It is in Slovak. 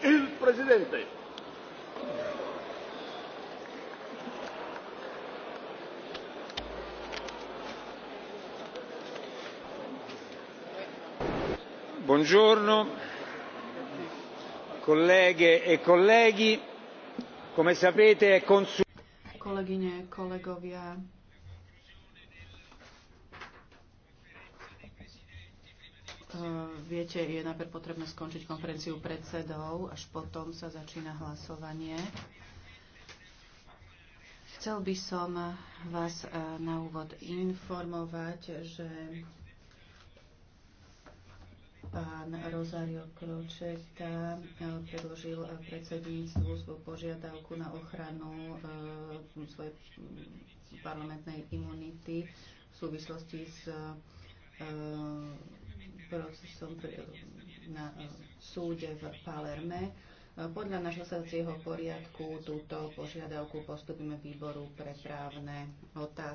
il Presidente. Buongiorno, colleghe e colleghi. Come sapete è consumato. Kolegyne, kolegovia, uh, viete, je najprv potrebné skončiť konferenciu predsedov, až potom sa začína hlasovanie. Chcel by som vás eh, na úvod informovať, že pán Rosario Kročeta eh, predložil predsedníctvu svoju požiadavku na ochranu eh, svojej parlamentnej imunity v súvislosti s procesom na e, súde v Palerme. E, podľa našho srdcieho poriadku túto požiadavku postupíme výboru pre právne otázky.